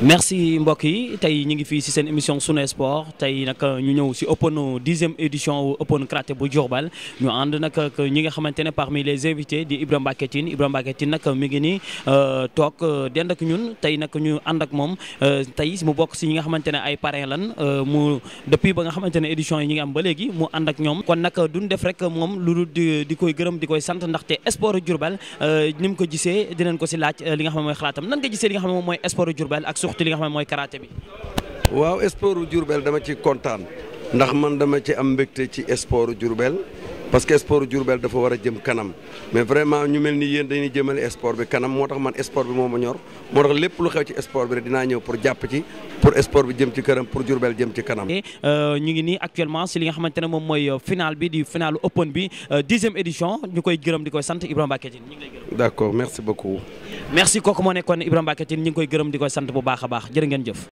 merci mbokk yi tey ñu ngi fii si seen émission sunu sport tey nag euh, ñu ñëw si open dixième édition open karaté bu Diourbel ñu ànd nag ñi nga xamante ne parmi les invités di Ibrahima Mbacké Tine Ibrahima Mbacké Tine nag mi ngi nii euh, toog euh, dend ak ñun tey nag ñu ànd ak moom tey mu bokk si ñi nga xamante ne ay parrain lan mu depuis ba nga xamante ne édition yi ñu ngi am ba léegi mu ànd ak ñoom kon nag duñ def rek moom lu dul di di koy gërëm di koy sant ndaxte sport Diourbel ni mu ko gisee dinañ ko si laaj li nga xam mooy xalaatam nan nga gisee li nga xam moom mooy sport suuxti li nga xam mooy karaté bi. waaw sportu jurubeel dama ci kontaan ndax man dama ci am mbégte ci sportu jurubeel parce que sport Diourbel dafa war a jëm kanam mais vraiment ñu mel ni yéen dañuy jëmale sport bi kanam moo tax man sport bi moo ma ñor moo tax lépp lu xew ci sport bi rek dinaa ñëw pour jàpp ci pour sport bi jëm ci kanam pour Diourbel jëm ci kanam. Euh, ñu ngi nii actuellement si li nga xamante ne moom mooy euh, final bi di finalu open bi euh, dixième édition ñu koy gërëm di koy sant Ibrahima Mbacké Diène ñu ngi lay merci kooku moo nekkoon Ibrahima Mbacké Tine ñu ngi koy gërëm di koy sant bu baax a baax jërë ngeen jëf